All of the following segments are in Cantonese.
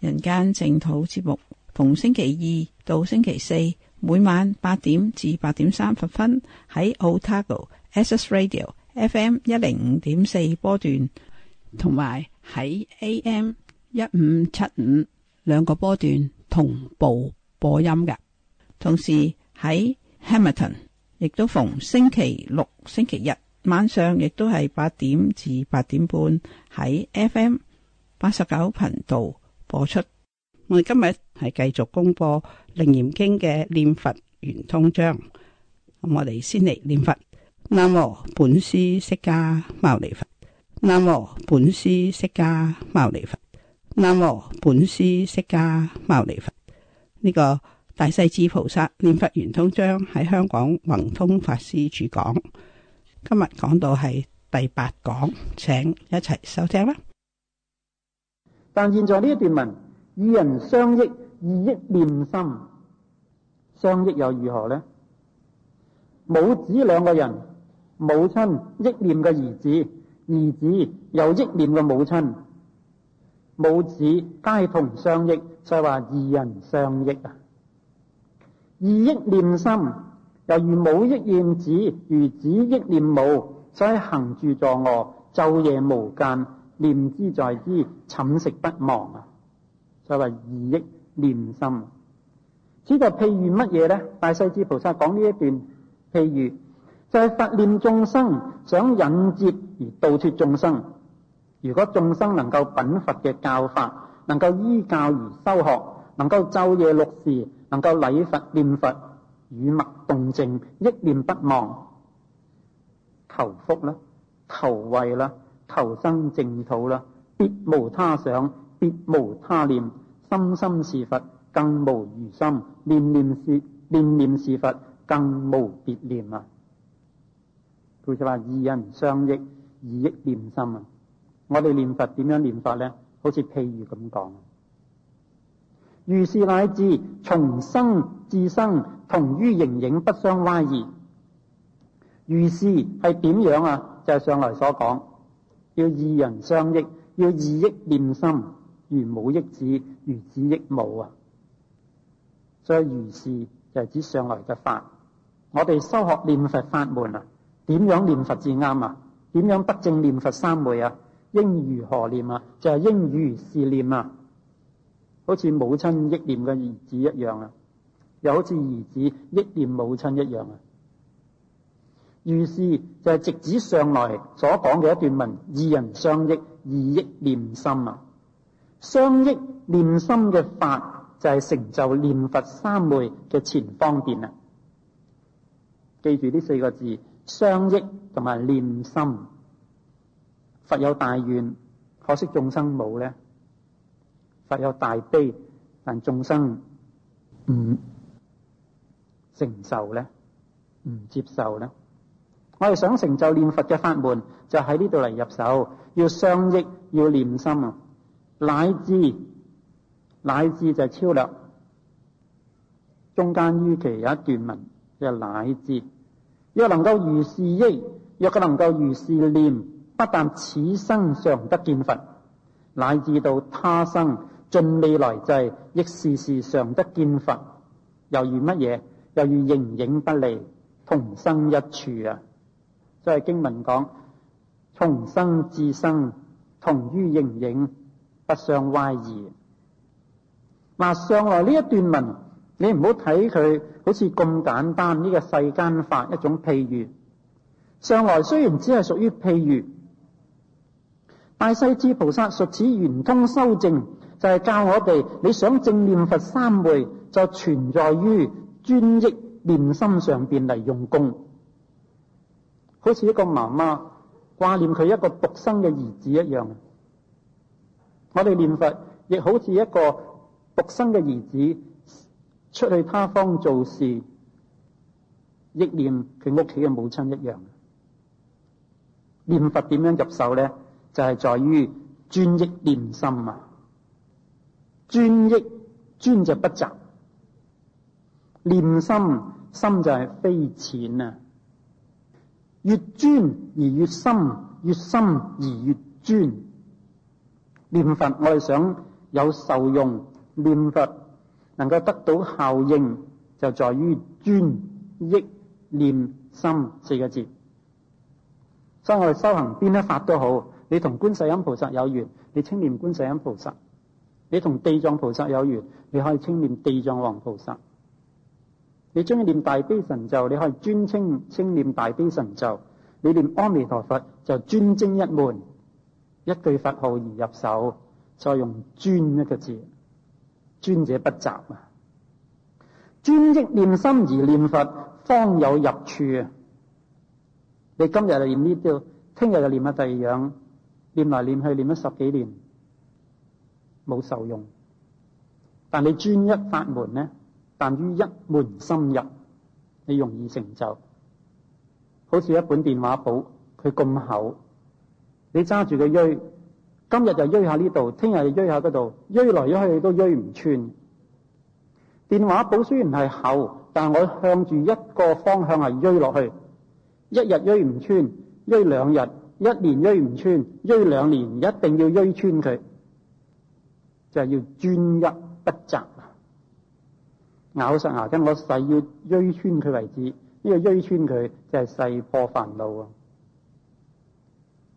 人間淨土節目，逢星期二到星期四，每晚八點至八點三十分喺 Otago S S Radio F M 一零五點四波段，同埋喺 A M 一五七五兩個波段同步播音嘅。同時喺 Hamilton 亦都逢星期六、星期日晚上，亦都係八點至八點半喺 F M 八十九頻道播出，我哋今日係繼續公布《楞嚴經》嘅念佛圓通章。咁我哋先嚟念佛：南無本師釋迦牟尼佛，南無本師釋迦牟尼佛，南無本師釋迦牟尼佛。呢個大勢至菩薩念佛圓通章喺香港宏通法師主講。今日講到係第八講，請一齊收聽啦。但現在呢一段文，二人相憶二憶念心，相憶又如何呢？母子兩個人，母親憶念嘅兒子，兒子又憶念嘅母親，母子皆同相憶，所以話二人相憶啊！二憶念心，猶如母憶念子，如子憶念母，所以行住坐臥，晝夜無間。念之在之，寢食不忘啊！所謂二憶念心。此就譬如乜嘢咧？大勢至菩薩講呢一段譬如就係、是、佛念眾生，想引接而導脫眾生。如果眾生能夠稟佛嘅教法，能夠依教而修學，能夠晝夜六時，能夠禮佛念佛，語默、動靜，憶念不忘，求福啦，求慧啦。求生淨土啦，別無他想，別無他念，心心是佛，更無餘心；念念是念念是佛，更無別念啊！佢就話二人相憶，二憶念心啊！我哋念佛點樣念法咧？好似譬如咁講，如是乃至從生至生，同於盈影，不相乖異。如是係點樣啊？就係、是、上來所講。要二人相憶，要二益念心，如母憶子，如子憶母啊！所以如是就係指上來嘅法。我哋修學念佛法門啊，點樣念佛至啱啊？點樣得正念佛三昧啊？應如何念啊？就係、是、應如是念啊！好似母親憶念嘅兒子一樣啊，又好似兒子憶念母親一樣啊！於是就係直指上來所講嘅一段文，二人相憶，二憶念心啊，相憶念心嘅法就係、是、成就念佛三昧嘅前方便啊！記住呢四個字：相憶同埋念心。佛有大願，可惜眾生冇呢，佛有大悲，但眾生唔承受呢，唔接受呢。我哋想成就念佛嘅法門，就喺呢度嚟入手。要相憶，要念心啊，乃至乃至就係超略。中間於其有一段文，就係、是、乃至若能夠如是憶，若嘅能夠如是念，不但此生常得見佛，乃至到他生盡未來際，亦時時常得見佛。猶如乜嘢？猶如形影不離，同生一處啊！就係經文講：從生至生，同於形影，不相乖異。嗱，上來呢一段文，你唔好睇佢好似咁簡單，呢、這個世間法一種譬喻。上來雖然只係屬於譬喻，大勢至菩薩述此圓通修證，就係、是、教我哋你想正念佛三昧，就存在於專憶念心上邊嚟用功。好似一個媽媽掛念佢一個獨生嘅兒子一樣，我哋念佛亦好似一個獨生嘅兒子出去他方做事，憶念佢屋企嘅母親一樣。念佛點樣入手咧？就係在於專憶念心啊！專憶專就不雜，念心心就係非淺啊！越專而越深，越深而越專。念佛，我哋想有受用，念佛能夠得到效應，就在於專、益、念、心四個字。所以我哋修行邊一法都好，你同觀世音菩薩有緣，你稱念觀世音菩薩；你同地藏菩薩有緣，你可以稱念地藏王菩薩。你鍾意念大悲神咒，你可以專稱稱念大悲神咒；你念阿彌陀佛就專精一門，一句佛號而入手，再用專一個字，專者不雜啊！專一念心而念佛，方有入處。你今日就念呢啲，聽日就念下第二樣，念來念去，念咗十幾年，冇受用。但你專一法門呢？但於一門深入，你容易成就。好似一本電話簿，佢咁厚，你揸住個錐，今日就錐下呢度，聽日就錐下嗰度，錐來錐去都錐唔穿。電話簿雖然係厚，但係我向住一個方向係錐落去，一日錐唔穿，錐兩日，一年錐唔穿，錐兩年，一定要錐穿佢，就係、是、要專一不雜。咬實牙根，我誓要摧穿佢為止。呢個摧穿佢就係誓破煩惱啊！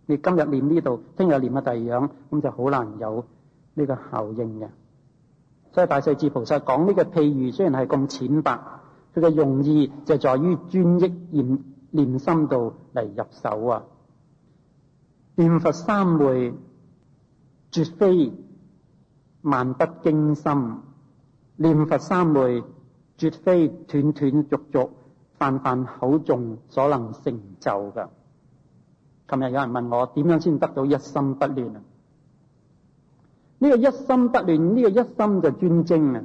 你今日念呢度，聽日念下第二樣，咁就好難有呢個效應嘅。所以大勢至菩薩講呢個譬喻，雖然係咁淺白，佢嘅用意就在於專一念念心度嚟入手啊！念佛三昧絕非漫不經心。念佛三昧絕非斷斷續續、泛泛口誦所能成就噶。琴日，有人問我點樣先得到一心不亂啊？呢個一心不亂，呢個一心就專精啊，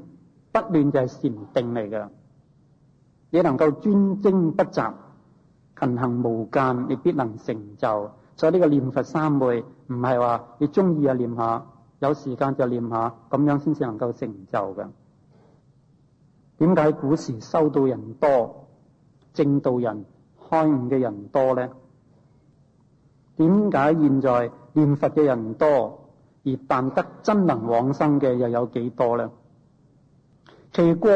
不亂就係禪定嚟噶。你能夠專精不雜、勤行無間，你必能成就。所以呢個念佛三昧唔係話你中意啊念下，有時間就念下，咁樣先至能夠成就噶。點解古時修道人多，正道人開悟嘅人多呢？點解現在念佛嘅人多，而辦得真能往生嘅又有幾多呢？其過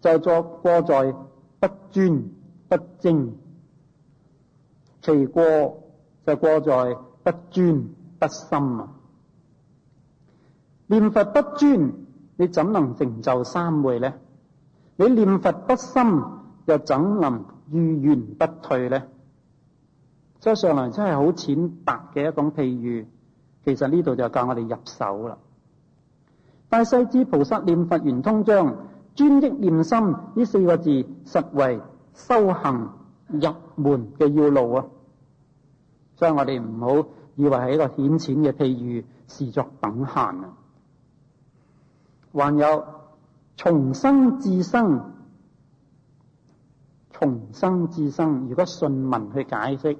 就作過在不專、不精，其過就過在不專、不深啊！念佛不專。你怎能成就三昧呢？你念佛不深，又怎能遇緣不退呢？所以上嚟真係好淺白嘅一種譬喻。其實呢度就教我哋入手啦。大勢至菩薩念佛圓通章，專益念心呢四個字，實為修行入門嘅要路啊！所以我哋唔好以為係一個顯淺嘅譬喻，視作等閒啊！還有重生至生，重生至生。如果順文去解釋，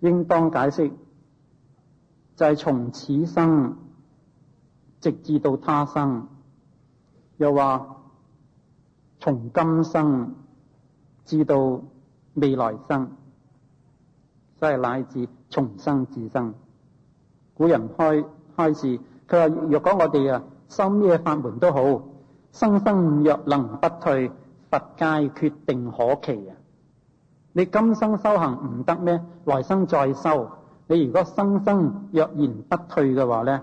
應當解釋就係、是、從此生直至到他生，又話從今生至到未來生，即、就、係、是、乃至重生至生。古人開開始，佢話若果我哋啊。心咩法門都好，生生若能不退，佛界決定可期啊！你今生修行唔得咩？來生再修。你如果生生若然不退嘅話咧，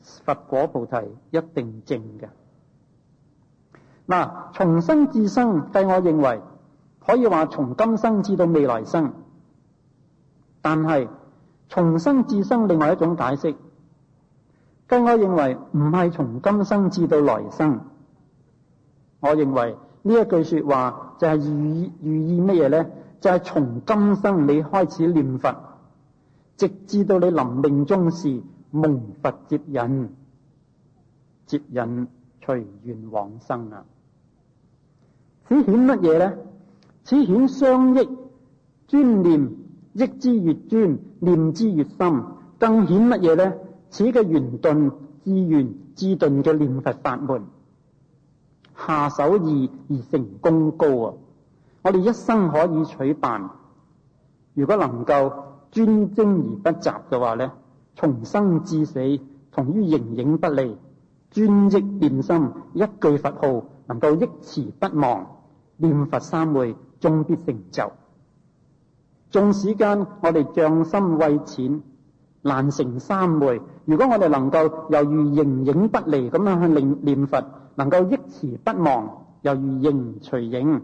佛果菩提一定正嘅。嗱，從生至生，計我認為可以話從今生至到未來生。但係從生至生，另外一種解釋。咁，我認為唔係從今生至到來生。我認為呢一句說話就係寓意寓意乜嘢咧？就係、是、從今生你開始念佛，直至到你臨命終時，蒙佛接引，接引隨緣往生啊！此顯乜嘢咧？此顯相益尊念，益之越尊念之越深，更顯乜嘢咧？此嘅圓頓至圓至頓嘅念佛法門，下手易而成功高啊！我哋一生可以取辦。如果能夠專精而不雜嘅話咧，從生至死同於形影不離，專一念心，一句佛號能夠憶持不忘，念佛三昧終必成就。眾世間我哋匠心為淺。難成三昧。如果我哋能夠猶如形影不離咁樣去念，念佛，能夠憶持不忘，猶如形隨影，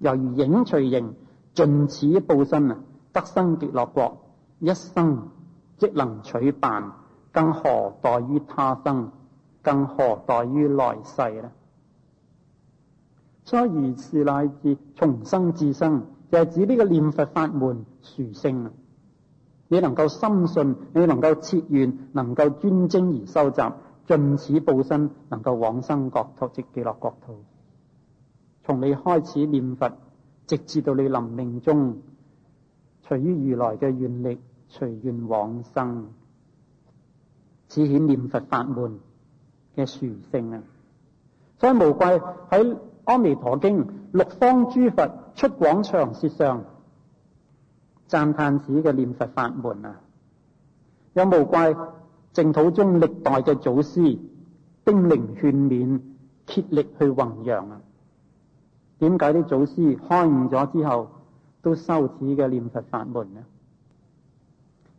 猶如影隨形，盡此報身啊，得生極樂國，一生即能取辦，更何待於他生？更何待於來世呢？所以如是乃至重生至生，就係指呢個念佛法門殊勝啊！你能夠深信，你能夠切願，能夠專精而修習，盡此報身，能夠往生國土，即記落國土。從你開始念佛，直至到你臨命終，隨於如來嘅願力，隨願往生，此顯念佛法，法門嘅殊勝啊！所以無怪喺《阿彌陀經》，六方諸佛出廣長舌相。讚嘆此嘅念佛法門啊！有無怪淨土中歷代嘅祖師叮嚀勸勉、竭力去弘揚啊？點解啲祖師開悟咗之後都修此嘅念佛法門呢、啊？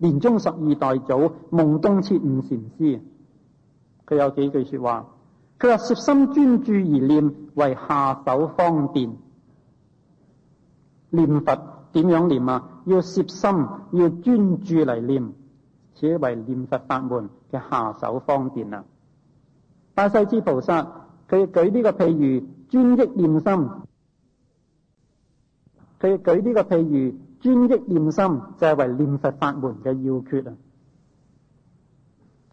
蓮宗十二代祖夢東徹悟禪師，佢有幾句說話，佢話攝心專注而念，為下手方便。念佛點樣念啊？要攝心，要專注嚟念，此為念佛法門嘅下手方便啦。大勢至菩薩佢舉呢個譬如專益念心。佢舉呢個譬如專益念心就係、是、為念佛法門嘅要訣啊！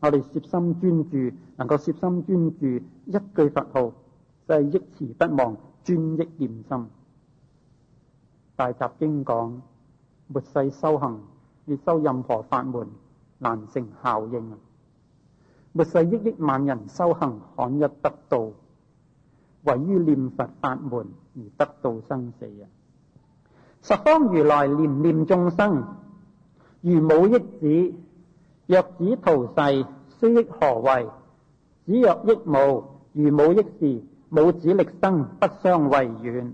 我哋攝心專注，能夠攝心專注一句佛號，就係益持不忘，專益念心。大集經講。.末世修行，你修任何法門難成效應啊！末世億億萬人修行罕有得道，唯於念佛法門而得道生死啊！十方如來憐念眾生，如母憶子，若子逃逝，雖憶何為？子若憶母，如母憶時，母子歷生不相違遠。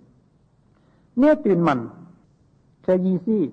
呢一段文嘅意思。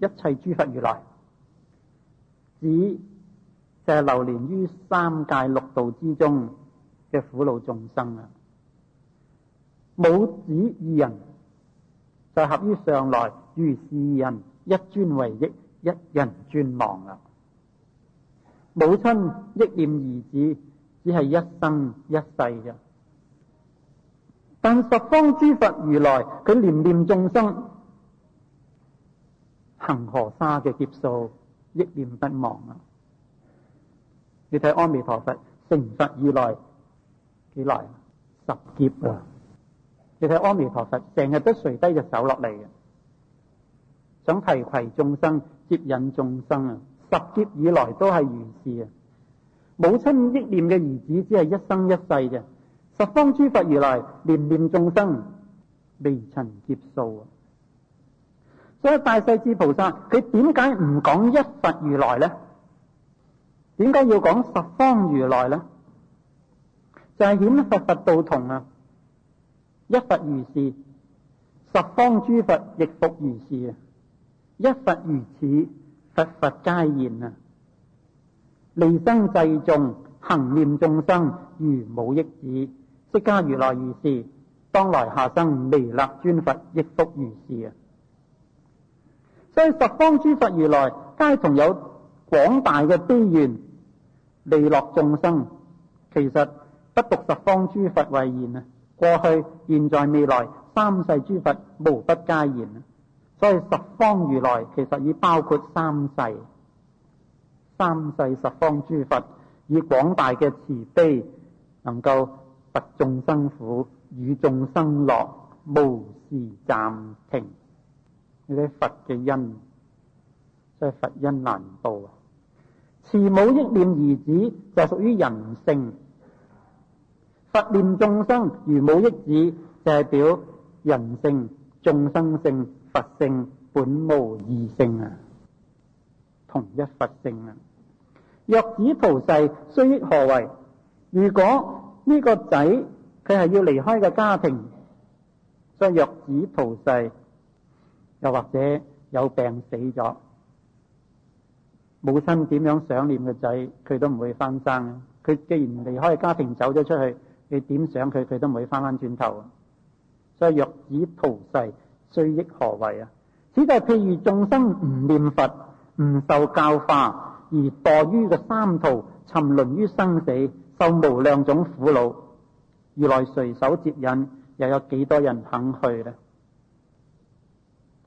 一切諸佛如來，只就係流連於三界六道之中嘅苦惱眾生啊！母子二人就合於上來，如是二人一專為益，一人專忘啦。母親憶念兒子，只係一生一世啫。但十方諸佛如來，佢憐念眾生。恒河沙嘅劫數，憶念不忘啊！你睇阿彌陀佛成佛以來幾耐？十劫啊！哇你睇阿彌陀佛成日都垂低隻手落嚟嘅，想提攜眾生、接引眾生啊！十劫以來都係如是啊！母親憶念嘅兒子，只係一生一世嘅；十方諸佛如來，念念眾生未曾劫數啊！所以大勢至菩薩佢點解唔講一佛如來呢？點解要講十方如來呢？就係顯佛佛道同啊！一佛如是，十方諸佛亦復如是啊！一佛如此，佛佛皆然啊！利生濟眾行念眾生如母憶子，釋迦如來如是，當來下生彌勒尊佛亦復如是啊！所以十方諸佛如來，皆同有廣大嘅悲願，利樂眾生。其實不獨十方諸佛為然啊，過去、現在、未來三世諸佛無不皆然。所以十方如來其實已包括三世，三世十方諸佛以廣大嘅慈悲，能夠拔眾生苦，與眾生樂，無時暫停。你佛嘅恩，所、就、係、是、佛恩難報啊！慈母憶念兒子就屬於人性，佛念眾生如母憶子就係、是、表人性、眾生性、佛性本無二性啊，同一佛性啊！若子逃逝，雖憶何為？如果呢個仔佢係要離開個家庭，所以若子逃逝。又或者有病死咗，母親點樣想念個仔，佢都唔會翻生。佢既然離開家庭走咗出去，你點想佢，佢都唔會翻翻轉頭。所以若以徒世，雖益何為啊？只係譬如：眾生唔念佛，唔受教化，而墮於個三途，沉淪於生死，受無量種苦惱。如來隨手接引，又有幾多人肯去呢？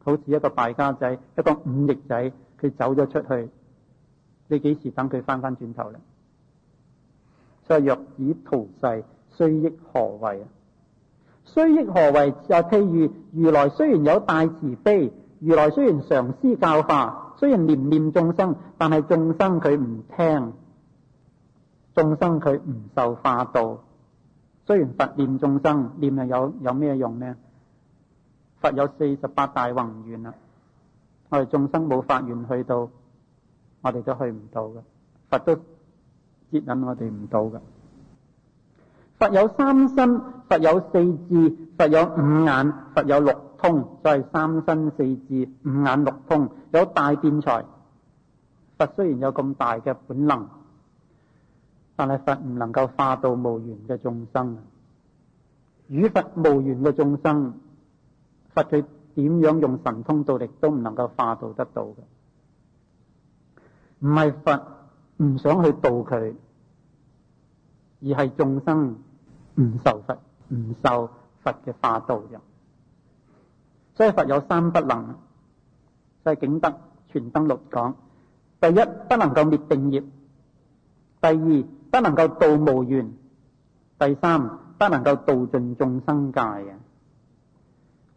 好似一個敗家仔，一個忤逆仔，佢走咗出去，你幾時等佢返返轉頭咧？所以若子逃逝，雖憶何為啊？雖憶何為？又譬如如來雖然有大慈悲，如來雖然常施教化，雖然念念眾生，但係眾生佢唔聽，眾生佢唔受化度，雖然佛念眾生，念又有有咩用呢？佛有四十八大宏願啊！我哋眾生冇法願去到，我哋都去唔到嘅。佛都接引我哋唔到嘅。佛有三身，佛有四智，佛有五眼，佛有六通，所以三身四智五眼六通。有大辯才，佛雖然有咁大嘅本能，但係佛唔能夠化度無緣嘅眾生。與佛無緣嘅眾生。佛佢點樣用神通道力都唔能夠化度得到嘅。唔係佛唔想去度佢，而係眾生唔受佛唔受佛嘅化度嘅，所以佛有三不能，所以景德全燈錄講，第一不能夠滅定業，第二不能夠度無緣，第三不能夠度盡眾生界嘅。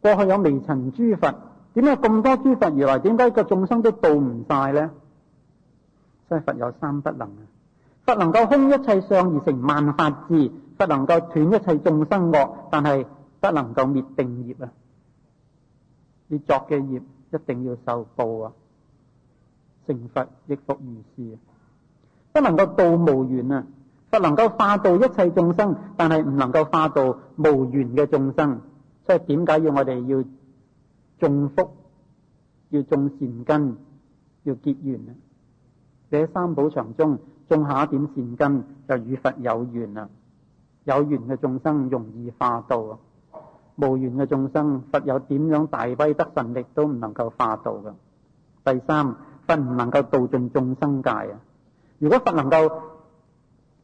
過去有微塵諸佛，點解咁多諸佛而來？點解個眾生都度唔晒咧？所以佛有三不能啊！佛能夠空一切相而成萬法智，佛能夠斷一切眾生惡，但係不能夠滅定業啊！你作嘅業一定要受報啊！成佛亦復如是，不能夠度無緣啊！佛能夠化度一切眾生，但係唔能夠化度無緣嘅眾生。即係點解要我哋要種福，要種善根，要結緣啊？你喺三寶場中種下一點善根，就與佛有緣啦。有緣嘅眾生容易化道，無緣嘅眾生，佛有點樣大威德神力都唔能夠化道噶。第三，佛唔能夠度盡眾生界啊！如果佛能夠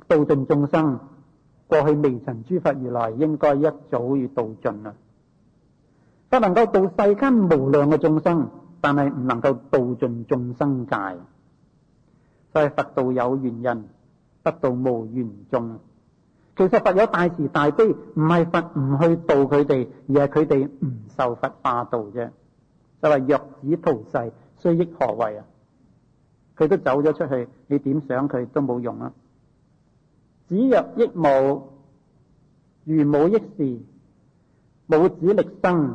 度盡眾生，過去未曾諸佛如來應該一早要度盡啦。不能夠度世間無量嘅眾生，但係唔能夠度盡眾生界，所以佛道有緣人，佛道無緣眾。其實佛有大慈大悲，唔係佛唔去度佢哋，而係佢哋唔受佛霸道啫。就話若子逃世，雖益何為啊？佢都走咗出去，你點想佢都冇用啦。子若益母，如母益事，母子力生。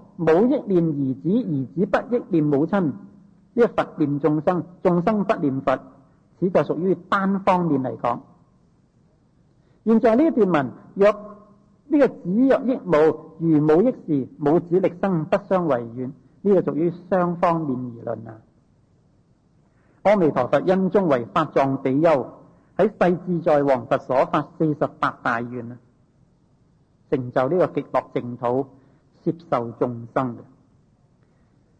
母憶念兒子，兒子不憶念母親；呢個佛念眾生，眾生不念佛。此就屬於單方面嚟講。現在呢一段文，若呢個子若憶母，如母憶時，母子歷生不相違遠。呢個屬於雙方面而論啊！阿彌陀佛，因中為法藏比丘，喺世自在王佛所發四十八大願啊，成就呢個極樂淨土。接受眾生嘅，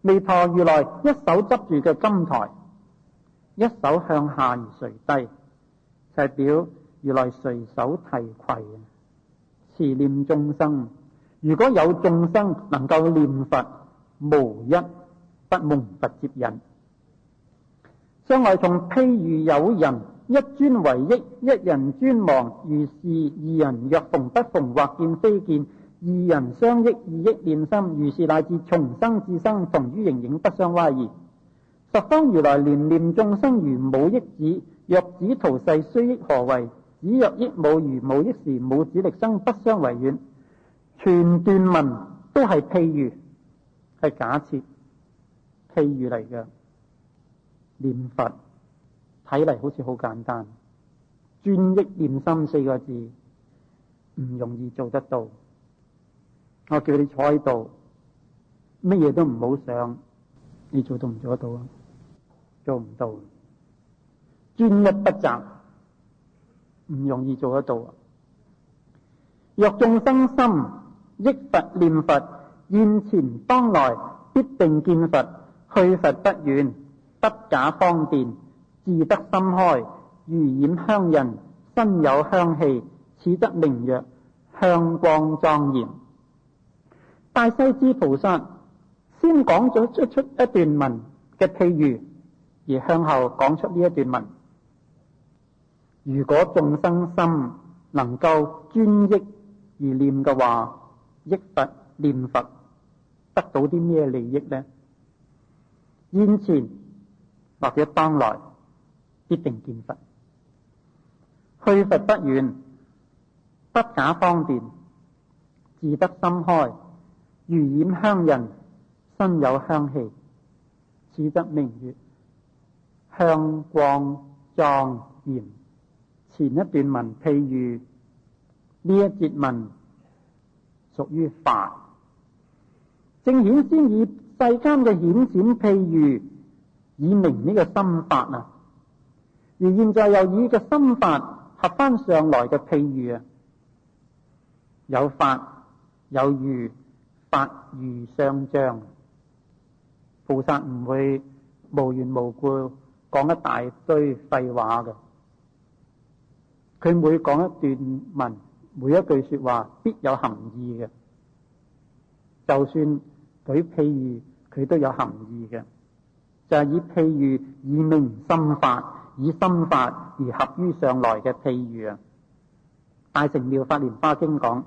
彌陀如來一手執住嘅金台，一手向下而垂低，就係、是、表如來垂手提携啊！慈念眾生，如果有眾生能夠念佛，無一不蒙佛接引。上來從譬如有人一專為憶，一人專忘，如是二人若逢不逢，或見非見。二人相憶，二憶念心，如是乃至重生至生，同於形影不相乖異。十方如來憐念眾生，如母憶子，若子逃世，雖憶何為？子若憶母，如母憶時，母子歷生不相違遠。全段文都係譬喻，係假設，譬喻嚟嘅。念佛，睇嚟好似好簡單，專憶念心四個字，唔容易做得到。我叫你坐喺度，乜嘢都唔好想，你做到唔做得到啊？做唔到，專一不雜，唔容易做得到啊。若眾生心憶佛念佛，現前當來必定見佛，去佛不遠，不假方便，自得心開，如染香人，身有香氣，此則名曰香光莊嚴。大勢至菩薩先講咗一出一段文嘅譬喻，而向後講出呢一段文。如果眾生心能夠專一而念嘅話，憶佛念佛，得到啲咩利益呢？現前或者當來必定見佛，去佛不遠，不假方便，自得心開。如染香人，身有香氣，始得明月。香光莊嚴。前一段文譬喻，呢一節文屬於法。正顯先以世間嘅顯淺譬喻，以明呢個心法啊。而現在又以呢個心法合返上來嘅譬喻啊，有法有喻。法如上章，菩薩唔會無緣無故講一大堆廢話嘅，佢每講一段文，每一句說話必有含義嘅，就算舉譬喻，佢都有含義嘅，就係、是、以譬喻以明心法，以心法而合於上來嘅譬喻啊，《大乘妙法蓮華經講》講。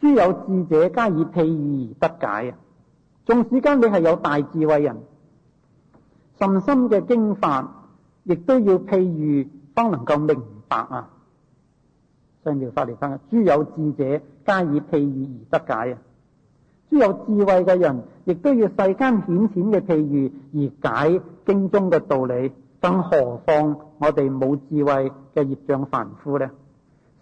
諸有智者加以譬喻而得解啊！縱使世間你係有大智慧人，甚深嘅經法，亦都要譬喻方能夠明白啊！上妙法蓮經：諸有智者加以譬喻而得解啊！諸有智慧嘅人，亦都要世間顯淺嘅譬喻而解經中嘅道理，更何況我哋冇智慧嘅業障凡夫呢？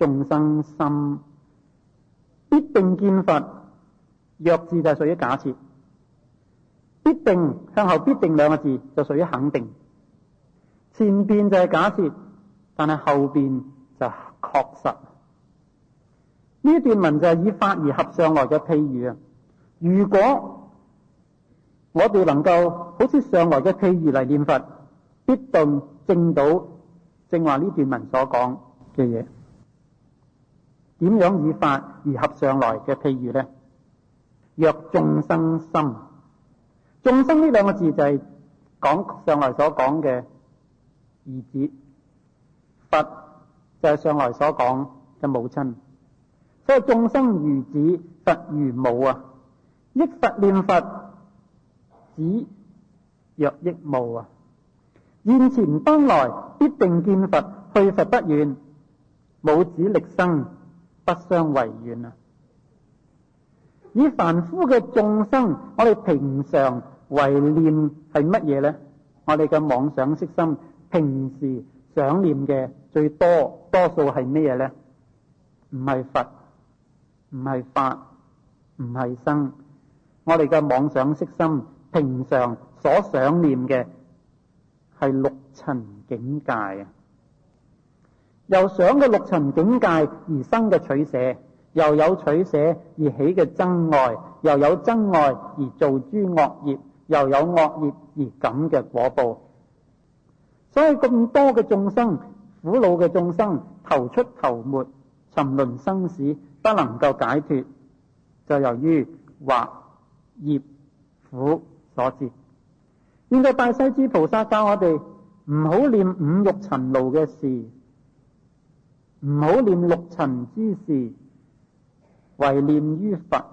眾生心必定見佛，弱智，就係屬於假設。必定向後，必定兩個字就屬於肯定。前邊就係假設，但係後邊就確實。呢段文就係以法而合上來嘅譬喻啊。如果我哋能夠好似上來嘅譬喻嚟念佛，必定證到正話呢段文所講嘅嘢。點樣以法而合上來嘅譬如呢，「若眾生心，眾生呢兩個字就係講上來所講嘅兒子，佛就係上來所講嘅母親，所以眾生如子，佛如母啊！憶」「佛念佛，子若憶」、「母啊！現前當來必定見佛，去佛不遠，母子力生。不相違緣啊！以凡夫嘅眾生，我哋平常為念係乜嘢呢？我哋嘅妄想識心，平時想念嘅最多多數係咩嘢呢？唔係佛，唔係法，唔係生。我哋嘅妄想識心，平常所想念嘅係六塵境界啊！由想嘅六塵境界而生嘅取捨，又有取捨而起嘅憎愛，又有憎愛而造諸惡業，又有惡業而感嘅果報。所以咁多嘅眾生，苦惱嘅眾生，頭出頭沒，沉淪生死，不能夠解脱，就由於惑業苦所致。應該大勢至菩薩教我哋唔好念五欲塵勞嘅事。唔好念六塵之事，唯念於佛，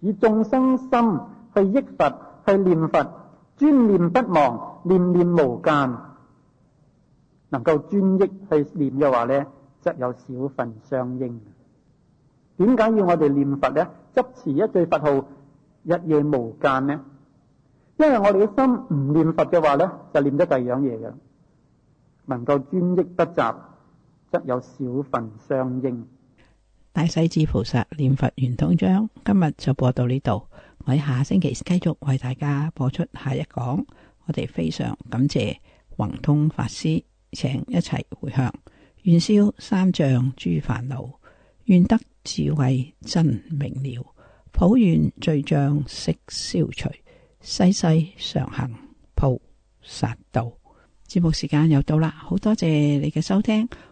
以眾生心去憶佛，去念佛，專念不忘，念念無間，能夠專憶去念嘅話咧，則有少分相應。點解要我哋念佛咧？執持一句佛號，日夜無間呢？因為我哋嘅心唔念佛嘅話咧，就念得第二樣嘢嘅，能夠專憶不雜。則有小份相應。大勢至菩薩念佛圓通章，今日就播到呢度。我喺下星期繼續為大家播出下一講。我哋非常感謝宏通法師，請一齊回向。願消三障諸煩惱，願得智慧真明了，普願罪障悉消除，世世常行菩薩道。節目時間又到啦，好多謝你嘅收聽。